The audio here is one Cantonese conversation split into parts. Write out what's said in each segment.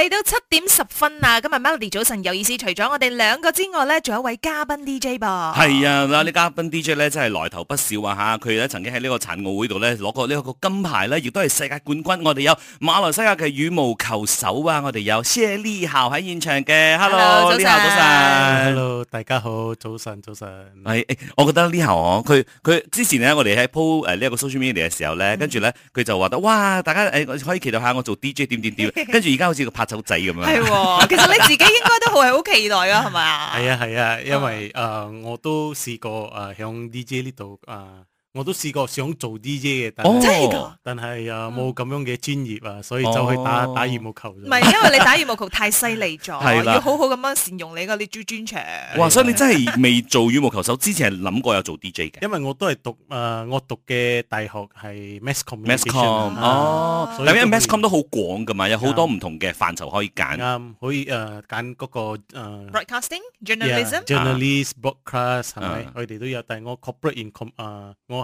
嚟到七點十分啊！今日 Melody 早晨有意思，除咗我哋兩個之外咧，仲有一位嘉賓 DJ 噃。係啊，嗱，呢嘉賓 DJ 咧真係來頭不小啊嚇！佢咧曾經喺呢個殘奧會度咧攞過呢一個金牌咧，亦都係世界冠軍。我哋有馬來西亞嘅羽毛球手啊！我哋有 Sherly Hou 喺現場嘅。Hello, Hello 早晨。早晨。Hello，大家好，早晨，早晨。係，哎哎，我覺得 Sherly Hou 佢佢之前呢，我哋喺 po 呢、呃、一、呢個 social media 嘅時候咧，跟住咧佢就話得哇，大家誒可以期待下我做 DJ 點點點。跟住而家好似拍。手仔咁樣，係喎，其實你自己應該都係好期待啊，係咪啊？係啊係啊，因為誒我都試過誒響 DJ 呢度啊。我都試過想做 DJ 嘅，但係又冇咁樣嘅專業啊，所以就去打打羽毛球。唔係，因為你打羽毛球太犀利咗，要好好咁樣善用你嗰啲專長。哇！所以你真係未做羽毛球手之前係諗過有做 DJ 嘅？因為我都係讀誒，我讀嘅大學係 Mass Communication。哦，因為 Mass Communication 都好廣㗎嘛，有好多唔同嘅範疇可以揀。啱，可以誒揀嗰個誒 broadcasting journalism，journalist broadcast 係咪？佢哋都有，但係我 corporate income 啊，我。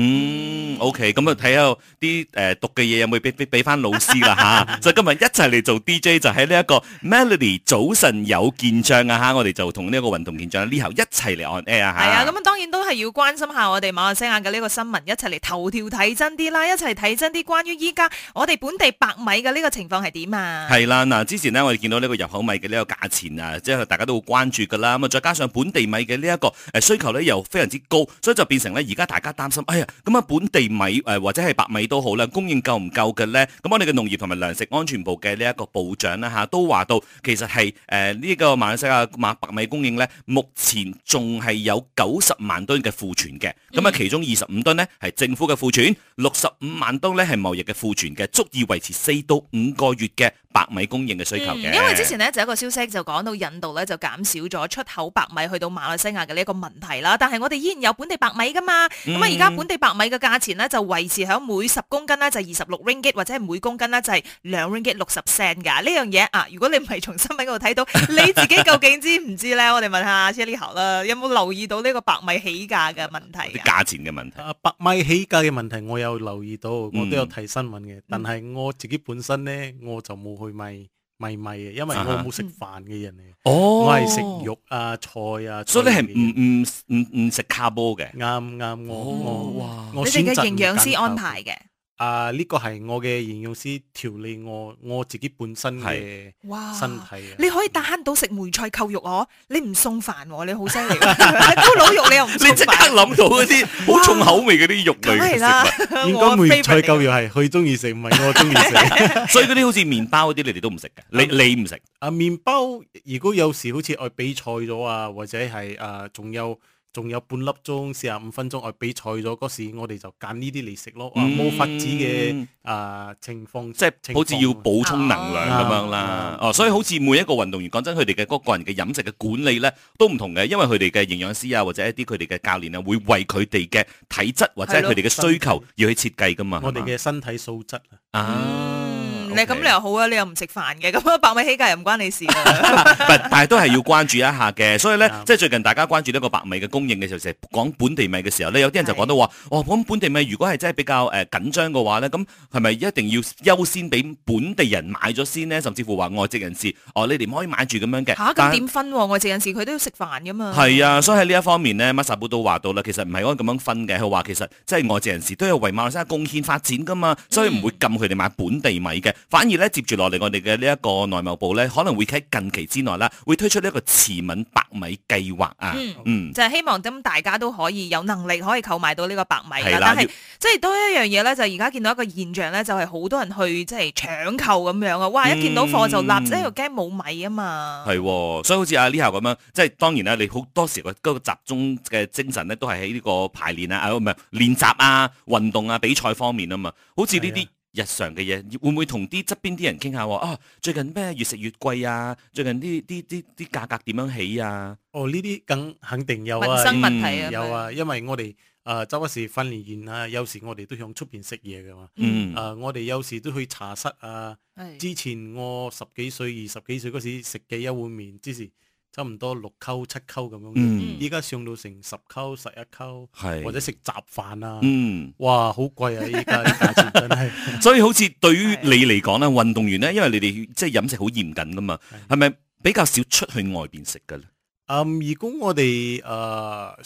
嗯，OK，咁啊睇下啲誒讀嘅嘢有冇俾俾俾翻老師啦吓，啊、 就今日一齊嚟做 DJ 就喺呢一個 Melody 早晨有見將啊吓，我哋就同呢一個運動健將呢頭一齊嚟按 A 啊嚇。係啊，咁啊當然都係要關心下我哋馬來西亞嘅呢個新聞，一齊嚟頭條睇真啲啦，一齊睇真啲關於依家我哋本地白米嘅呢個情況係點啊？係啦、啊，嗱之前呢，我哋見到呢個入口米嘅呢個價錢啊，即係大家都會關注㗎啦。咁啊再加上本地米嘅呢一個誒需求咧又非常之高，所以就變成咧而家大家擔心，哎呀～哎呀哎呀哎呀哎呀咁啊，本地米誒或者係白米都好啦，供應夠唔夠嘅咧？咁我哋嘅農業同埋糧食安全部嘅呢一個部長啦嚇，都話到其實係誒呢個馬來西亞馬白米供應咧，目前仲係有九十萬噸嘅庫存嘅。咁啊，其中二十五噸咧係政府嘅庫存，六十五萬噸咧係貿易嘅庫存嘅，足以維持四到五個月嘅白米供應嘅需求嘅。因為之前咧就一個消息就講到印度咧就減少咗出口白米去到馬來西亞嘅呢一個問題啦，但係我哋依然有本地白米㗎嘛。咁啊，而家本哋白米嘅價錢咧就維持喺每十公斤咧就係二十六 ringgit 或者係每公斤咧就係兩 ringgit 六十 cent 噶呢樣嘢啊！如果你唔係從新聞嗰度睇到， 你自己究竟知唔知咧？我哋問下 Charlie 啦，有冇留意到呢個白米起價嘅問題？價錢嘅問題啊！白米起價嘅問題，我有留意到，我都有睇新聞嘅，嗯、但係我自己本身咧，我就冇去買。咪咪，因為我冇食飯嘅人嚟，啊、哈我係食肉啊菜啊，所以 So 的你係唔唔唔唔食卡波嘅，啱啱我我，哦、我選你哋嘅營養師安排嘅。啊啊！呢個係我嘅營養師調理我我自己本身嘅身體。哇嗯、你可以打慳到食梅菜扣肉我，你唔送飯，你好犀利啊！嗰老 肉你又唔？你即刻諗到嗰啲好重口味嗰啲肉類食物。應該梅菜扣肉係佢中意食，唔係我中意食。 所以嗰啲好似麵包嗰啲，你哋都唔食嘅。你你唔食啊？麵包如果有時好似愛比賽咗啊，或者係啊，仲有。仲有半粒鐘四十五分鐘，我比賽咗嗰時，我哋就揀呢啲嚟食咯。冇法子嘅啊、呃、情況，即係好似要補充能量咁、啊、樣啦。嗯、哦，所以好似每一個運動員，講真，佢哋嘅嗰個人嘅飲食嘅管理呢都唔同嘅，因為佢哋嘅營養師啊，或者一啲佢哋嘅教練啊，會為佢哋嘅體質或者佢哋嘅需求的要去設計噶嘛。我哋嘅身體素質啊。嗯你咁你又好啊，你又唔食飯嘅，咁啊白米起價又唔關你事。 但係都係要關注一下嘅， 所以咧的即係最近大家關注呢個白米嘅供應嘅時候，成講本地米嘅時候咧，有啲人就講到話，的哦，咁本地米如果係真係比較誒緊張嘅話咧，咁係咪一定要優先俾本地人買咗先呢？甚至乎話外籍人士，哦，你哋唔可以買住咁樣嘅。嚇、啊，咁點分？但外籍人士佢都要食飯噶嘛。係啊，所以喺呢一方面呢，馬薩布都話到啦，其實唔係可以咁樣分嘅。佢話其實即係外籍人士都有為馬來西亞貢獻發展噶嘛，嗯、所以唔會禁佢哋買本地米嘅。反而咧，接住落嚟，我哋嘅呢一個內貿部咧，可能會喺近期之內啦，會推出呢一個慈敏白米計劃啊。嗯，就係希望咁大家都可以有能力可以購買到呢個白米啦。但係即係多一樣嘢咧，就而家見到一個現象咧，就係好多人去即係搶購咁樣啊。哇，一見到貨就立即度驚冇米啊嘛。係，所以好似阿李夏咁樣，即係當然啦，你好多時個集中嘅精神咧，都係喺呢個排練啊，唔係練習啊、運動啊、比賽方面啊嘛。好似呢啲。日常嘅嘢會唔會同啲側邊啲人傾下？啊，最近咩越食越貴啊？最近啲啲啲啲價格點樣起啊？哦，呢啲梗肯定有啊，民生問題啊，嗯、有啊，因為我哋啊、呃，周不時訓練完啊，有時我哋都向出邊食嘢㗎嘛。嗯，啊、呃，我哋有時都去茶室啊。之前我十幾歲、二十幾歲嗰時食嘅一碗麵，之前。差唔多六溝七溝咁樣，依家、嗯、上到成十溝十一溝，溝是或者食雜飯啊，嗯、哇，好貴啊！依家， 價錢真係所以好似對於你嚟講咧， 運動員咧，因為你哋即係飲食好嚴謹噶嘛，係咪是比較少出去外邊食嘅咧？啊、嗯，如果我哋誒、呃、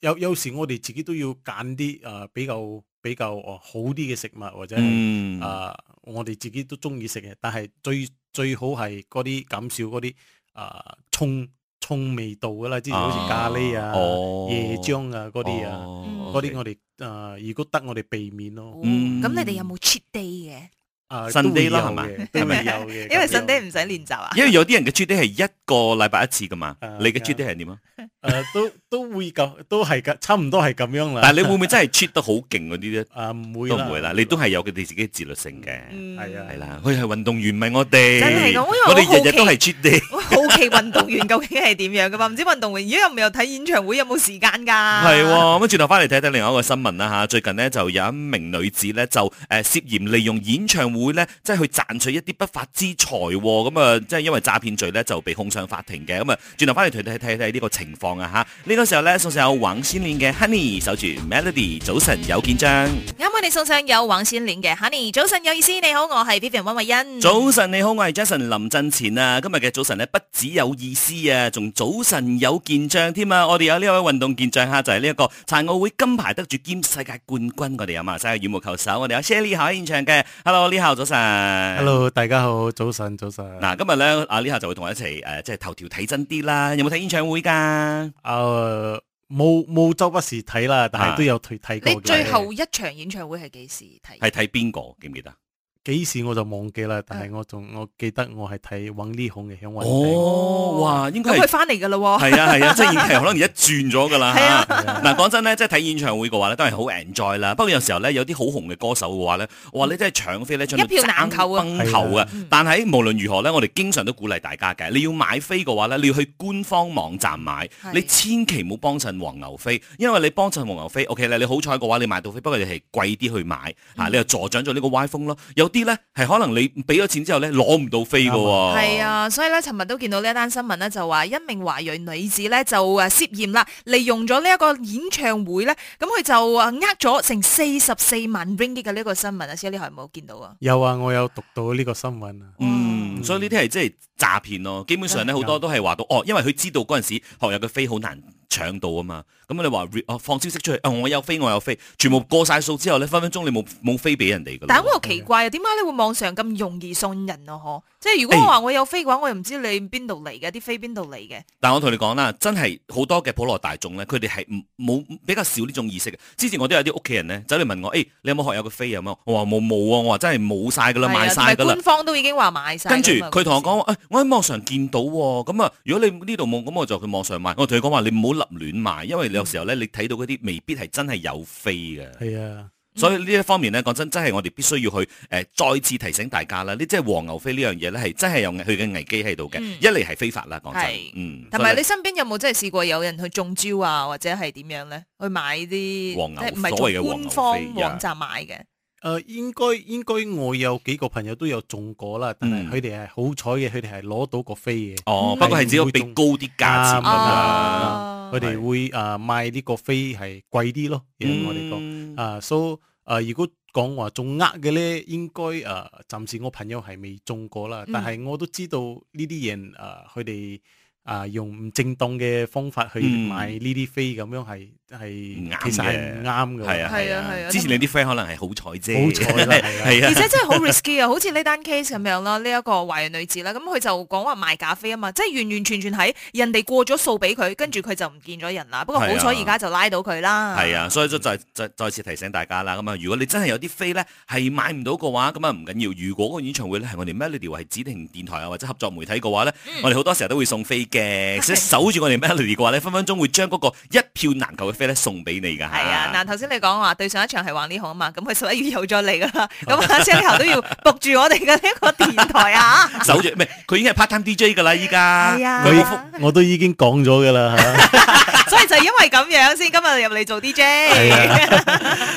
有有時我哋自己都要揀啲誒比較比較哦好啲嘅食物，或者係、嗯呃、我哋自己都中意食嘅，但係最最好係嗰啲減少嗰啲。啊，蔥蔥味道噶啦，之前好似咖喱啊、椰漿啊嗰啲啊，嗰、哦、啲我哋啊、呃，如果得我哋避免咯。嗯、哦，咁你哋有冇 cheat day 嘅？啊，Sunday 咯，係嘛，係咪有嘅？因為 Sunday 唔使練習啊。因為有啲人嘅 cheat day 係一個禮拜一次噶嘛，你嘅 cheat day 係點啊？誒，都都會咁，都係噶，差唔多係咁樣啦。但係你會唔會真係 cheat 得好勁嗰啲咧？啊，唔會啦，都唔會啦，你都係有佢哋自己嘅自律性嘅，係啊，係啦，佢係運動員，唔係我哋。真係咁，我哋日日都係 cheat day。我好奇運動員究竟係點樣噶嘛？唔知運動員而家有唔有睇演唱會，有冇時間噶？係咁，轉頭翻嚟睇睇另外一個新聞啦吓，最近咧就有一名女子咧就誒涉嫌利用演唱會。會咧，即係去賺取一啲不法之財、哦，咁、嗯、啊、嗯，即係因為詐騙罪呢，就被控上法庭嘅。咁、嗯、啊，轉頭翻嚟睇睇睇呢個情況啊，吓！呢、這個時候呢，送上有黃先念嘅 Honey 守住 Melody，早晨有見章。啱我你送上有黃先念嘅 Honey，早晨有意思。你好，我係 B B 温慧恩。早晨你好，我係 Jason 林振前啊。今日嘅早晨呢，不只有意思啊，仲早晨有見章添啊！我哋有呢位運動見章吓、啊、就係呢一個殘奧會金牌得主兼世界冠軍，我哋有馬來西亞羽毛球手，我哋有 Shelly 喺現場嘅。Hello，你好。Hello，早晨，hello，大家好，早晨，早晨。嗱、啊，今日咧，啊呢下就會同我一齊，誒、呃，即係頭條睇真啲啦。有冇睇演唱會噶？啊、呃，冇冇周不時睇啦，但係都有睇睇、啊、過。你最後一場演唱會係幾時睇？係睇邊個？記唔記得？幾時我就忘記啦，但係我仲我記得我係睇搵呢紅嘅香味。哦，哇，應該係佢翻嚟噶啦。係啊係啊，即係演唱會可能而家轉咗噶啦。嗱，講真咧，即係睇演唱會嘅話咧，都係好 enjoy 啦。不過有時候咧，有啲好紅嘅歌手嘅話咧，我話你真係搶飛呢，搶一票難求啊，蹦頭啊。但係無論如何咧，我哋經常都鼓勵大家嘅，你要買飛嘅話咧，你要去官方網站買，你千祈唔好幫襯黃牛飛，因為你幫襯黃牛飛，OK 你好彩嘅話你買到飛，不過你係貴啲去買吓，你又助長咗呢個歪風咯。啲咧係可能你俾咗錢之後咧攞唔到飛嘅喎，係啊，所以咧尋日都見到呢一單新聞咧就話一名華裔女子咧就啊涉嫌啦利用咗呢一個演唱會咧，咁、嗯、佢就啊呃咗成四十四萬 ringgit 嘅呢個新聞啊，小李係好見到啊？有啊，我有讀到呢個新聞啊，嗯，所以呢啲係即係。詐騙咯，基本上咧好、嗯、多都係話到哦，因為佢知道嗰陣時學友嘅飛好難搶到啊嘛，咁、嗯、你話、哦、放消息出去，我有飛，我有飛，全部過晒數之後咧，分分鐘你冇冇飛俾人哋噶。但係我又奇怪啊，點解、嗯、你會網上咁容易送人啊？嗬、欸，即係如果我話我有飛嘅話，我又唔知你邊度嚟嘅，啲飛邊度嚟嘅。但係我同你講啦，真係好多嘅普羅大眾咧，佢哋係冇比較少呢種意識嘅。之前我都有啲屋企人咧走嚟問我，誒、欸、你有冇學友嘅飛有冇？我話冇冇啊，我話真係冇晒噶啦，買晒噶啦。啊、官方都已經話買晒。跟住佢同我講。哎哎哎我喺網上見到喎，咁啊，如果你呢度冇，咁我就去網上買。我同佢講話，你唔好立亂買，因為你有時候咧，你睇到嗰啲未必係真係有飛嘅。係啊、嗯，所以呢一方面咧，講真，真係我哋必須要去誒、呃、再次提醒大家啦。你即係黃牛飛呢樣嘢咧，係真係有佢嘅危機喺度嘅。嗯、一嚟係非法啦，講真。係嗯，同埋還有 以你身邊有冇真係試過有人去中招啊，或者係點樣咧？去買啲黃牛，唔係所謂嘅官方網站買嘅。誒、呃，應該應該我有幾個朋友都有中過啦，嗯、但係佢哋係好彩嘅，佢哋係攞到個飛嘅。哦，不過係只有俾高啲價錢噶，佢哋會誒賣呢個飛係貴啲咯。嗯、我哋講，啊，所以誒、啊、如果講話中呃嘅咧，應該誒暫時我朋友係未中過啦，嗯、但係我都知道呢啲人誒佢哋。啊啊，用唔正當嘅方法去買呢啲飛，咁樣係係其實係唔啱嘅。係啊係啊係啊，之前你啲飛可能係好彩啫，而且真係好 risky 啊！好似呢單 case 咁樣啦，呢一個懷孕女子啦，咁佢就講話賣假飛啊嘛，即係完完全全喺人哋過咗數俾佢，跟住佢就唔見咗人啦。不過好彩而家就拉到佢啦。係啊，所以再再再次提醒大家啦，咁啊，如果你真係有啲飛咧係買唔到嘅話，咁啊唔緊要。如果個演唱會咧係我哋 Melody 係指定電台啊或者合作媒體嘅話咧，我哋好多時候都會送飛機。誒，守住我哋 Melody 嘅話咧，分分鐘會將嗰個一票難求嘅飛咧送俾你噶。係啊，嗱，頭先你講話對上一場係玩呢行啊嘛，咁佢十一月又再嚟啦，咁阿 Sir 都要搏住我哋嘅呢個電台啊，守住，唔係，佢已經係 part time DJ 噶啦，依家，係啊，我已我都已經講咗噶啦，所以就因為咁樣先，今日入嚟做 DJ。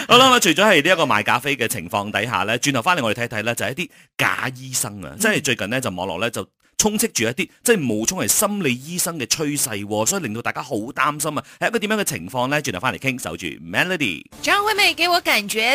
好啦，咁除咗係呢一個賣咖啡嘅情況底下咧，轉頭翻嚟我哋睇睇咧，就係一啲假醫生啊，即係最近呢，就網絡咧就。充斥住一啲即係冒充係心理醫生嘅趨勢，所以令到大家好擔心啊！係一個點樣嘅情況呢？轉頭翻嚟傾，守住 Melody。早上好，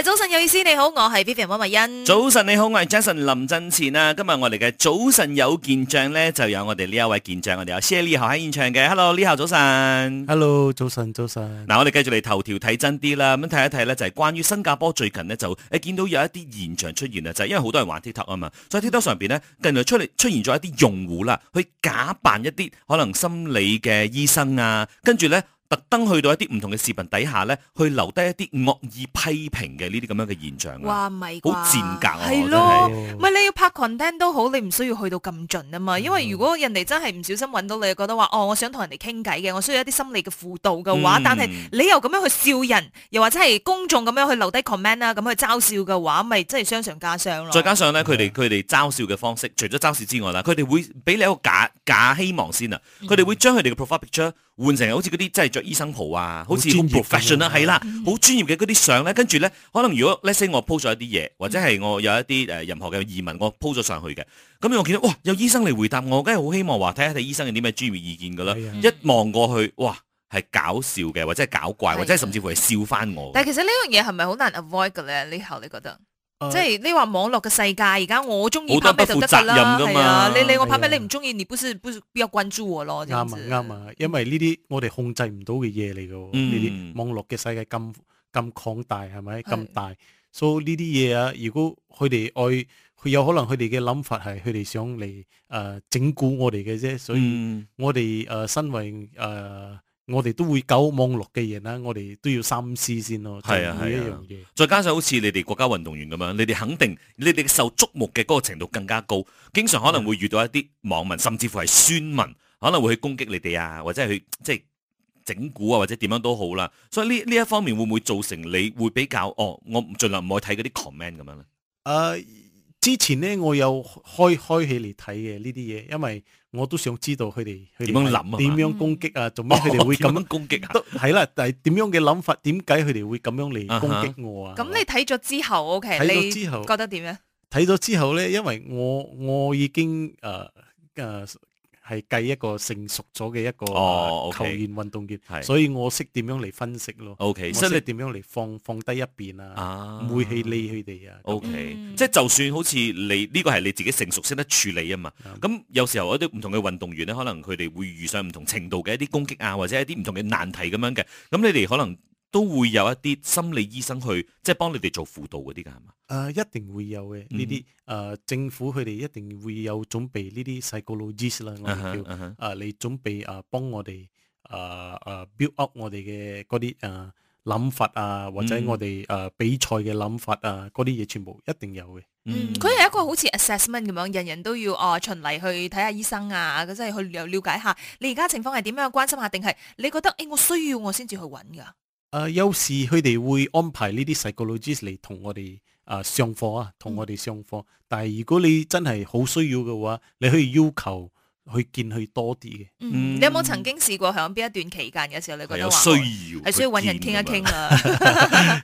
早晨有意思，你好，我係 Vivian 溫慧欣。早晨你好，我係 Jason 林振前啊！今日我哋嘅早晨有見將呢，就有我哋呢一位見將，我哋有 Shelly 后喺現場嘅，Hello，呢后早晨，Hello，早晨，早晨。嗱，我哋繼續嚟頭條睇真啲啦，咁睇一睇呢就係關於新加坡最近呢就誒見到有一啲現象出現啊，就係因為好多人玩 TikTok 啊嘛，所以 TikTok 上邊呢近年出嚟出現咗一啲用用戶啦，去假扮一啲可能心理嘅醫生啊，跟住咧。特登去到一啲唔同嘅視頻底下咧，去留低一啲惡意批評嘅呢啲咁樣嘅現象咪好賤格，啊！係咯，唔係你要拍群聽都好，你唔需要去到咁盡啊嘛。嗯、因為如果人哋真係唔小心揾到你，覺得話哦，我想同人哋傾偈嘅，我需要一啲心理嘅輔導嘅話，嗯、但係你又咁樣去笑人，又或者係公眾咁樣去留低 comment 啊，咁去嘲笑嘅話，咪真係傷上加傷咯。再加上咧，佢哋佢哋嘲笑嘅方式，除咗嘲笑之外啦，佢哋會俾你一個假假希望先啊，佢哋會將佢哋嘅 profile picture。換成好似嗰啲真係着醫生袍啊，啊好似 professional、啊、啦，係啦，好專業嘅嗰啲相咧，跟住咧，可能如果 let's say，我 post 咗一啲嘢，或者係我有一啲誒、呃、任何嘅疑問，我 post 咗上去嘅，咁我見到哇，有醫生嚟回答我，梗係好希望話睇下睇醫生有啲咩專業意見嘅啦。是啊、一望過去，哇，係搞笑嘅，或者係搞怪，是啊、或者甚至乎係笑翻我。但係其實呢樣嘢係咪好難 avoid 嘅咧？呢下你覺得？呃、即係你話網絡嘅世界，而家我中意拍咩就得啦，係啊，你理我拍咩，你唔中意，你不是不必要關注我咯，啱啊啱啊，因為呢啲我哋控制唔到嘅嘢嚟噶，呢啲，嗯、網絡嘅世界咁咁廣大係咪？咁大，所以呢啲嘢啊，如果佢哋愛，佢有可能佢哋嘅諗法係佢哋想嚟誒、呃、整蠱我哋嘅啫，所以我哋誒、呃、身為誒。呃我哋都會搞網絡嘅嘢啦，我哋都要三思先咯。係啊，係啊。再加上好似你哋國家運動員咁樣，你哋肯定你哋受矚目嘅嗰個程度更加高，經常可能會遇到一啲網民，甚至乎係酸民，可能會去攻擊你哋啊，或者係去即係整蠱啊，或者點樣都好啦。所以呢呢一方面會唔會造成你會比較哦？我盡量唔去睇嗰啲 comment 咁樣咧。誒。之前咧，我有開開起嚟睇嘅呢啲嘢，因為我都想知道佢哋點樣諗，點樣攻擊啊，做乜佢哋會咁樣、哦、攻擊、啊？都係啦，但係點樣嘅諗法？點解佢哋會咁樣嚟攻擊我啊？咁、嗯、哼吧你睇咗之後，OK，睇咗之後你覺得點樣？睇咗之後咧，因為我我已經誒誒。呃呃係計一個成熟咗嘅一個球員運動員，哦、okay，所以我識點樣嚟分析咯。識你點樣嚟放放低一邊啊，唔會去理佢哋啊。Okay，嗯、即係就算好似你呢、呢個係你自己成熟識得處理啊嘛。咁、嗯、有時候一啲唔同嘅運動員咧，可能佢哋會遇上唔同程度嘅一啲攻擊啊，或者一啲唔同嘅難題咁樣嘅。咁你哋可能。都會有一啲心理醫生去，即係幫你哋做輔導嗰啲噶，係嘛？誒，一定會有嘅呢啲誒，政府佢哋一定會有準備呢啲心理學知識啦，我哋叫誒、uh huh, uh huh. 呃，你準備誒，幫、呃、我哋誒誒 build up 我哋嘅嗰啲誒諗法啊，或者我哋誒、mm hmm. 呃、比賽嘅諗法啊，嗰啲嘢全部一定有嘅。嗯，佢係一個好似 assessment 咁樣，人人都要誒循例去睇下醫生啊，即、就、係、是、去了解下你而家情況係點樣，關心下定係你覺得誒、哎呃、我需要我先至去搵噶。啊。誒、呃，有時佢哋會安排呢啲細個老師嚟同我哋誒、呃、上課啊，同我哋上課、啊。嗯、但係如果你真係好需要嘅話，你可以要求去見佢多啲嘅。嗯，你有冇曾經試過喺邊一段期間嘅時候你覺得話需要，係需要搵人傾一傾啊？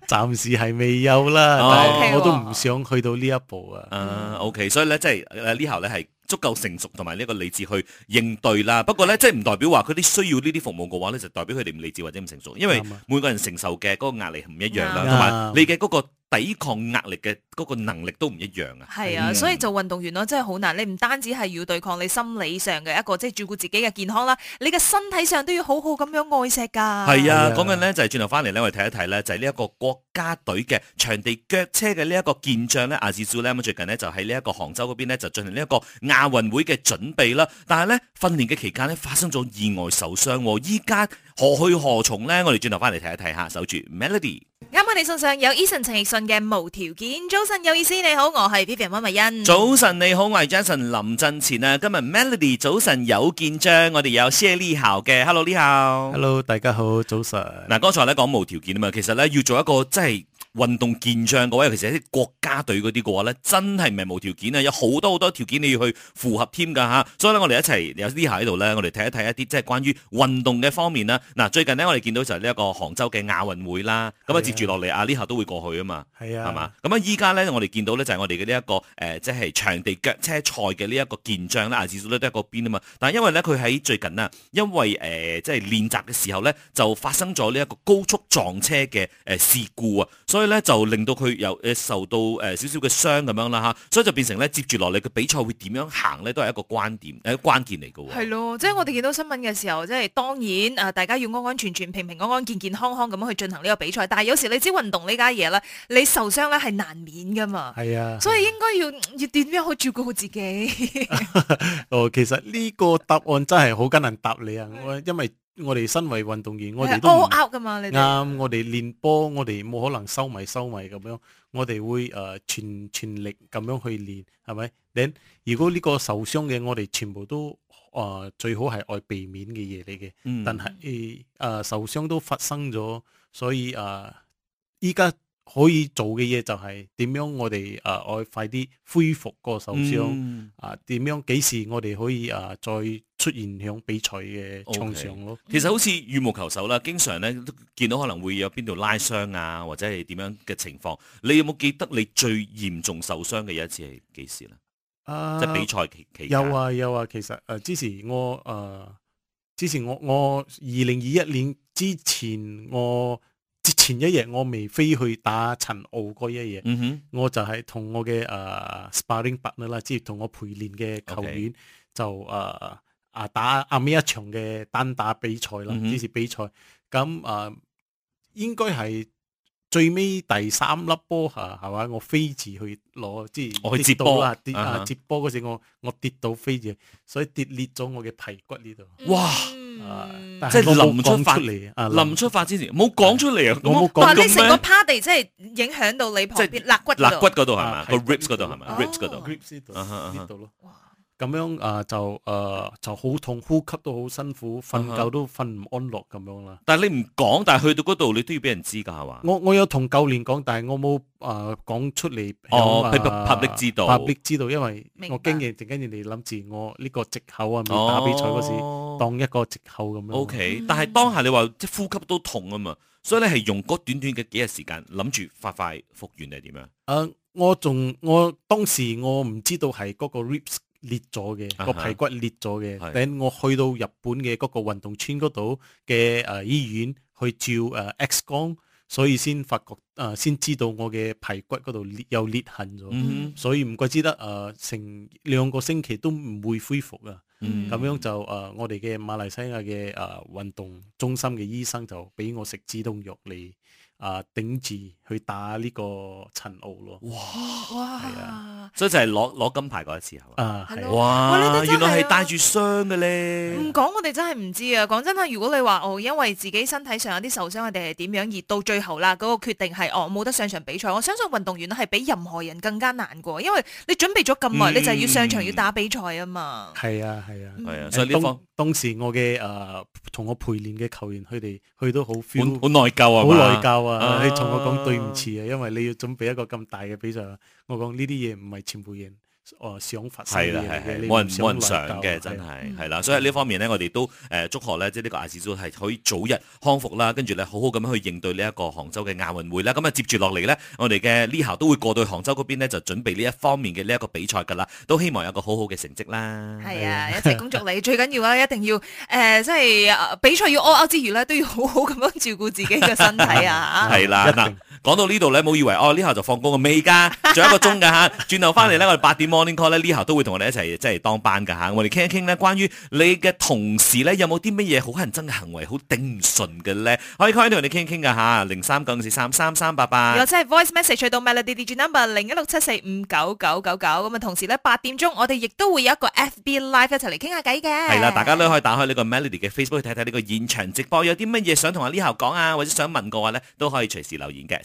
暫見 時係未有啦， 我都唔想去到呢一步啊。哦哦、嗯、uh,，OK，所以咧即係呢行咧係。就是足夠成熟同埋呢個理智去應對啦。不過呢，即係唔代表話佢啲需要呢啲服務嘅話呢就代表佢哋唔理智或者唔成熟。因為每個人承受嘅嗰個壓力唔一樣啦，同埋、嗯、你嘅嗰、嗰個。抵抗壓力嘅嗰個能力都唔一樣啊！係啊，嗯、所以做運動員咯，真係好難。你唔單止係要對抗你心理上嘅一個，即係照顧自己嘅健康啦，你嘅身體上都要好好咁樣愛惜㗎。係啊，講緊咧就係轉頭翻嚟咧，我哋睇一睇咧就係呢一個國家隊嘅場地腳車嘅呢一個健將咧阿志超呢，咧最近呢就喺呢一個杭州嗰邊咧就進行呢一個亞運會嘅準備啦。但係咧訓練嘅期間呢，發生咗意外受傷喎、啊，依家何去何從呢？我哋轉頭翻嚟睇一睇嚇，守住 Melody。啱啱你送上有 Eason 陳奕迅嘅無條件，早晨有意思你好，我係 Vivian 温慧欣。早晨你好，我係 Jason 林振前啊，今日 Melody 早晨有見張，我哋有 Shelly 校嘅 Hello 你好 Hello，大家好早晨。嗱剛、啊、才咧講無條件啊嘛，其實咧要做一個即係。真運動健將嗰位，其實啲國家隊嗰啲嘅話咧，真係唔係無條件啊，有好多好多條件你要去符合添噶吓。所以咧，我哋一齊有呢下喺度咧，我哋睇一睇一啲即係關於運動嘅方面啦。嗱，最近呢，我哋見到就係呢一個杭州嘅亞運會啦。咁啊，接住落嚟阿呢下都會過去啊嘛。係啊，係嘛。咁啊，依家咧我哋見到咧就係我哋嘅呢一個誒，即係場地腳車賽嘅呢一個健將啦。阿志少咧都喺嗰邊啊嘛。但係因爲咧佢喺最近啊，因爲誒即係練習嘅時候咧，就發生咗呢一個高速撞車嘅誒事故啊，所以。咧就令到佢有誒受到誒少少嘅傷咁樣啦嚇，所以就變成咧接住落嚟嘅比賽會點樣行咧，都係一,一個關點誒關鍵嚟嘅喎。係咯，即係我哋見到新聞嘅時候，即係當然啊，大家要安安全全、平平安安、健健康康咁樣去進行呢個比賽。但係有時你知運動呢家嘢咧，你受傷咧係難免嘅嘛。係啊的，所以應該要的要點樣去照顧好自己。哦， 其實呢個答案真係好難答你啊，的因為。我哋身為運動員，你是我哋都啱，㗎嘛。我哋練波，我哋冇可能收埋收埋咁樣，我哋會誒、呃、全全力咁樣去練，係咪？你如果呢個受傷嘅，我哋全部都誒、呃、最好係愛避免嘅嘢嚟嘅。嗯、但係誒、呃、受傷都發生咗，所以誒依家。呃可以做嘅嘢就係、呃、點、嗯啊、樣？我哋誒，我快啲恢復個受傷啊！點樣幾時我哋可以誒、呃、再出現響比賽嘅場上咯？Okay. 其實好似羽毛球手啦，經常咧都見到可能會有邊度拉傷啊，或者係點樣嘅情況。你有冇記得你最嚴重受傷嘅有一次係幾時呢？即係、呃、比賽期期有啊有啊。其實誒、呃，之前我誒、呃，之前我我二零二一年之前我。之前一日我未飛去打陳奧嗰一日、嗯哼，我就係同我嘅誒、呃、sparring partner 啦，即係同我陪練嘅球員 Okay. 就誒啊、呃、打阿咩一場嘅單打比賽啦，呢次比賽，咁誒、嗯哼呃、應該係最尾第三粒波吓係嘛？我飛住去攞去即係跌到啦、啊，跌啊接波嗰時我我跌到飛住，所以跌裂咗我嘅皮骨呢度，嗯、哇！啊！即係臨出嚟，臨出發之前冇講出嚟啊！我冇講你成個 party 即係影響到你旁邊肋骨、肋骨嗰度係咪？個 ribs 嗰度係咪 ribs 嗰度，ribs 度，呢度咯。咁樣啊、呃，就啊、呃、就好痛，呼吸都好辛苦，瞓覺都瞓唔安樂咁樣啦、嗯。但係你唔講，但係去到嗰度你都要俾人知㗎，係嘛？我我有同舊年講，但係我冇啊、呃、講出嚟。哦 p、啊、知道 p u 知道，因為我驚人，正驚人哋諗住我呢個藉口啊，咪、哦、打比賽嗰時當一個藉口咁樣。O、okay, K，但係當下你話即呼吸都痛啊嘛，所以你係用短短嘅幾日時間諗住快快復原定係點樣？呃、我仲我當時我唔知道係嗰個 ribs。裂咗嘅個排骨裂咗嘅，等、uh huh. 我去到日本嘅嗰個運動村嗰度嘅誒醫院去照誒 X 光，所以先發覺誒，先、呃、知道我嘅排骨嗰度裂有裂痕咗，uh huh. 所以唔怪之得誒，成、呃、兩個星期都唔會恢復啊。咁、uh huh. 樣就誒、呃，我哋嘅馬來西亞嘅誒、呃、運動中心嘅醫生就俾我食止痛藥嚟誒、呃、頂住。去打呢個陳奧咯！哇係啊，所以就係攞攞金牌嗰時候。係嘛？啊，哇！原來係帶住傷嘅咧。唔講我哋真係唔知啊！講真係，如果你話哦，因為自己身體上有啲受傷，我哋係點樣而到最後啦？嗰個決定係我冇得上場比賽。我相信運動員咧係比任何人更加難過，因為你準備咗咁耐，你就要上場要打比賽啊嘛。係啊係啊係啊！所以呢個當時我嘅誒，同我陪練嘅球員佢哋去都好 feel，好內疚啊，好內疚啊！你同我講唔啊，因為你要準備一個咁大嘅比賽，我講呢啲嘢唔係全部人哦想發生嘅，冇人想嘅真係的，係啦的。所以呢方面呢，我哋都誒祝賀咧，即係呢個阿志祖係可以早日康復啦，跟住咧好好咁樣去應對呢一個杭州嘅亞運會啦。咁啊接住落嚟呢，我哋嘅呢下都會過到杭州嗰邊呢，就準備呢一方面嘅呢一個比賽噶啦，都希望有個好好嘅成績啦。係啊的， 一齊恭祝你最緊要啊，一定要誒，即、呃、係比賽要 out 之餘呢，都要好好咁樣照顧自己嘅身體啊。係啦，講到呢度咧，冇以為哦，呢後就放工嘅，未㗎，仲有一個鐘㗎嚇。轉頭翻嚟咧，我哋八點 morning call 咧，呢後都會同我哋一齊即係當班㗎嚇。我哋傾一傾呢，關於你嘅同事咧，有冇啲乜嘢好乞人憎嘅行為，好頂唔順嘅咧？可以 call 同你傾一傾㗎嚇，零三九五四三三三八八。又即係 voice message，再到 Melody 的 number 零一六七四五九九九九。咁啊，同時咧八點鐘我哋亦都會有一個 FB live 一齊嚟傾下偈嘅。係啦，大家都可以打開呢個 Melody 嘅 Facebook 去睇睇呢個現場直播，有啲乜嘢想同阿呢後講啊，或者想問嘅話咧，都可以隨時留言嘅。